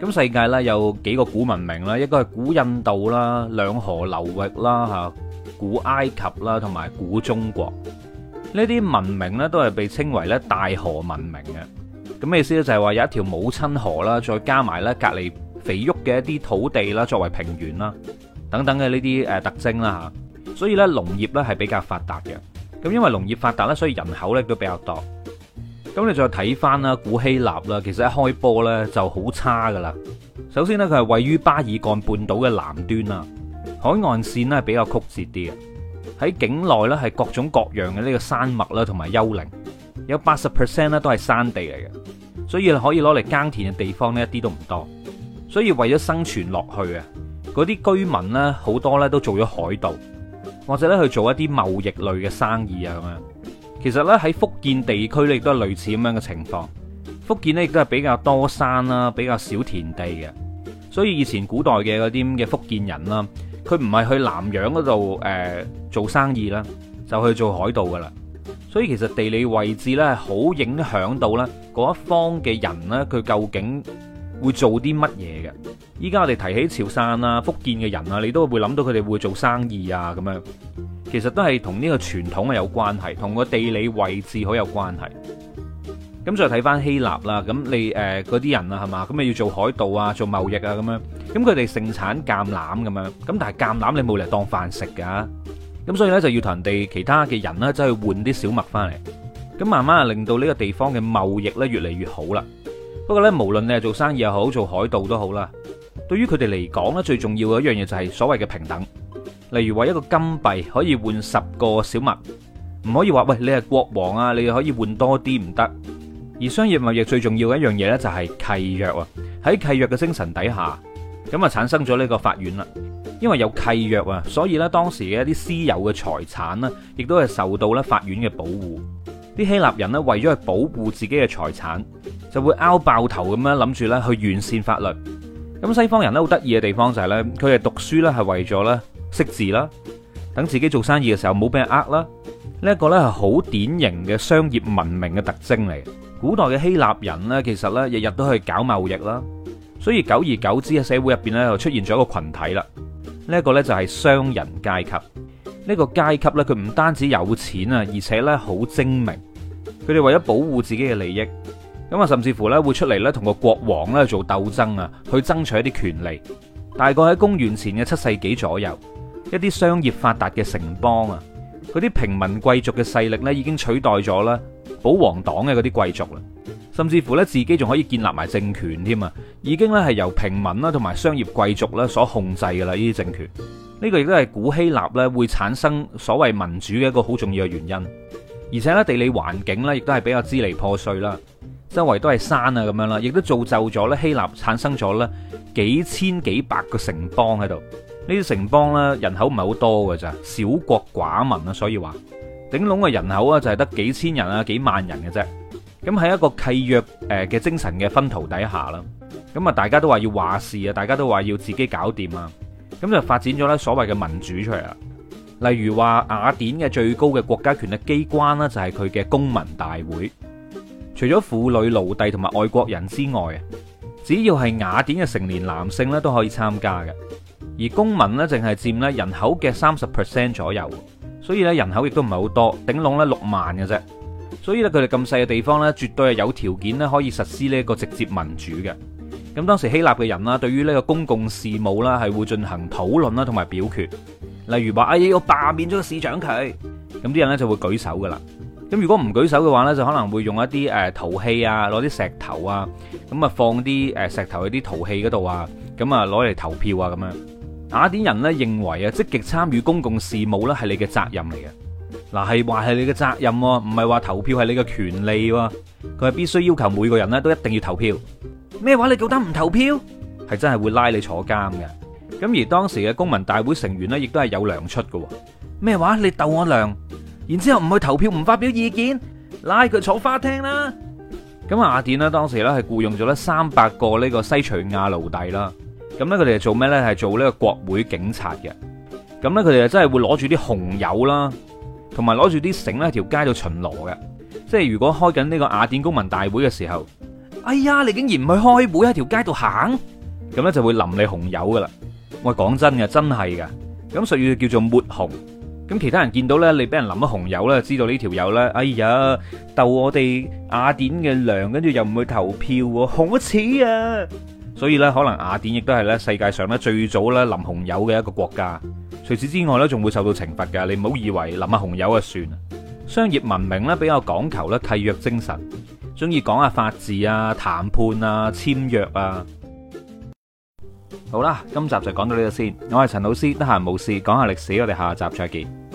咁世界咧有幾個古文明啦，一個係古印度啦、兩河流域啦、吓古埃及啦，同埋古中國。呢啲文明咧都係被稱為咧大河文明嘅。咁意思咧就係話有一條母親河啦，再加埋咧隔籬肥沃嘅一啲土地啦，作為平原啦等等嘅呢啲誒特徵啦吓。所以咧農業咧係比較發達嘅。咁因為農業發達咧，所以人口咧都比較多。咁你再睇翻啦，古希臘啦，其實一開波咧就好差噶啦。首先呢，佢係位於巴爾幹半島嘅南端啦，海岸線呢係比較曲折啲嘅。喺境內呢，係各種各樣嘅呢個山脈啦，同埋丘陵有八十 percent 咧都係山地嚟嘅，所以可以攞嚟耕田嘅地方呢一啲都唔多，所以為咗生存落去啊，嗰啲居民呢好多呢都做咗海盜，或者呢去做一啲貿易類嘅生意啊咁。.其實咧喺福建地區咧亦都係類似咁樣嘅情況，福建咧亦都係比較多山啦，比較少田地嘅，所以以前古代嘅嗰啲嘅福建人啦，佢唔係去南洋嗰度誒做生意啦，就去做海盜噶啦，所以其實地理位置咧係好影響到咧嗰一方嘅人咧，佢究竟會做啲乜嘢嘅。依家我哋提起潮汕啦、福建嘅人啊，你都會諗到佢哋會做生意啊咁樣。其實都係同呢個傳統係有關係，同個地理位置好有關係。咁再睇翻希臘啦，咁你誒嗰啲人啦係嘛，咁啊要做海盜啊，做貿易啊咁樣，咁佢哋盛產橄欖咁樣，咁但係橄欖你冇嚟當飯食噶，咁所以咧就要同人哋其他嘅人咧即係換啲小麥翻嚟，咁慢慢啊令到呢個地方嘅貿易咧越嚟越好啦。不過咧，無論你係做生意又好，做海盜都好啦，對於佢哋嚟講咧，最重要嘅一樣嘢就係所謂嘅平等。例如話一個金幣可以換十個小麥，唔可以話喂你係國王啊，你可以換多啲唔得。而商業貿易最重要一樣嘢呢，就係契約啊。喺契約嘅精神底下，咁啊產生咗呢個法院啦。因為有契約啊，所以呢，當時嘅一啲私有嘅財產呢，亦都係受到呢法院嘅保護。啲希臘人呢，為咗去保護自己嘅財產，就會拗爆頭咁樣諗住呢去完善法律。咁西方人呢，好得意嘅地方就係呢，佢哋讀書呢，係為咗呢。識字啦，等自己做生意嘅時候冇俾人呃啦，呢一個咧係好典型嘅商業文明嘅特徵嚟。古代嘅希臘人呢，其實呢日日都去搞貿易啦，所以久而久之嘅社會入邊呢就出現咗一個群體啦。呢一個咧就係商人階級。呢個階級呢，佢唔單止有錢啊，而且呢好精明。佢哋為咗保護自己嘅利益，咁啊，甚至乎呢會出嚟呢同個國王呢做鬥爭啊，去爭取一啲權利。大概喺公元前嘅七世紀左右一啲商業發達嘅城邦啊，嗰啲平民貴族嘅勢力咧已經取代咗啦，保皇黨嘅嗰啲貴族啦，甚至乎咧自己仲可以建立埋政權添啊！已經咧係由平民啦同埋商業貴族咧所控制噶啦，呢啲政權呢個亦都係古希臘咧會產生所謂民主嘅一個好重要嘅原因。而且咧地理環境咧亦都係比較支離破碎啦，周圍都係山啊咁樣啦，亦都造就咗咧希臘產生咗咧幾千幾百個城邦喺度。呢啲城邦咧，人口唔係好多㗎啫，小國寡民啊，所以話頂籠嘅人口啊，就係得幾千人啊，幾萬人嘅啫。咁喺一個契約嘅精神嘅薰陶底下啦，咁啊，大家都話要話事啊，大家都話要自己搞掂啊，咁就發展咗呢所謂嘅民主出嚟啦。例如話雅典嘅最高嘅國家權力機關呢，就係佢嘅公民大會。除咗婦女、奴隸同埋外國人之外，只要係雅典嘅成年男性呢，都可以參加嘅。而公民咧，淨係佔咧人口嘅三十 percent 左右，所以咧人口亦都唔係好多，頂籠咧六萬嘅啫。所以咧佢哋咁細嘅地方咧，絕對係有條件咧可以實施呢一個直接民主嘅。咁當時希臘嘅人啦，對於呢個公共事務啦，係會進行討論啦，同埋表決。例如話，哎呀，我罷免咗市長佢，咁啲人咧就會舉手㗎喇。咁如果唔舉手嘅話呢就可能會用一啲誒陶器啊，攞啲石頭啊，咁啊放啲誒石頭喺啲陶器嗰度啊，咁啊攞嚟投票啊咁樣。雅典人咧認為啊，積極參與公共事務咧係你嘅責任嚟嘅。嗱係話係你嘅責任，唔係話投票係你嘅權利。佢係必須要求每個人咧都一定要投票。咩話你夠膽唔投票？係真係會拉你坐監嘅。咁而當時嘅公民大會成員咧，亦都係有糧出㗎。咩話你逗我糧？然之後唔去投票，唔發表意見，拉佢坐花廳啦。咁雅典咧當時咧係僱傭咗咧三百個呢個西徐亞奴隸啦。咁咧，佢哋係做咩咧？係做呢個國會警察嘅。咁咧，佢哋就真係會攞住啲紅油啦，同埋攞住啲繩咧，喺條街度巡邏嘅。即係如果開緊呢個雅典公民大會嘅時候，哎呀，你竟然唔去開會喺條街度行，咁咧就會淋你紅油噶啦。我講真嘅，真係噶。咁所以叫做抹紅。咁其他人見到咧，你俾人淋咗紅油咧，知道呢條友咧，哎呀，逗我哋雅典嘅糧，跟住又唔去投票喎，好似啊！所以咧，可能雅典亦都係咧世界上咧最早咧淋紅油嘅一個國家。除此之外咧，仲會受到懲罰嘅。你唔好以為淋下紅油就算。商業文明咧比較講求咧契約精神，鍾意講下法治啊、談判啊、簽約啊。好啦，今集就講到呢度先。我係陳老師，得閒無事講下歷史。我哋下集再見。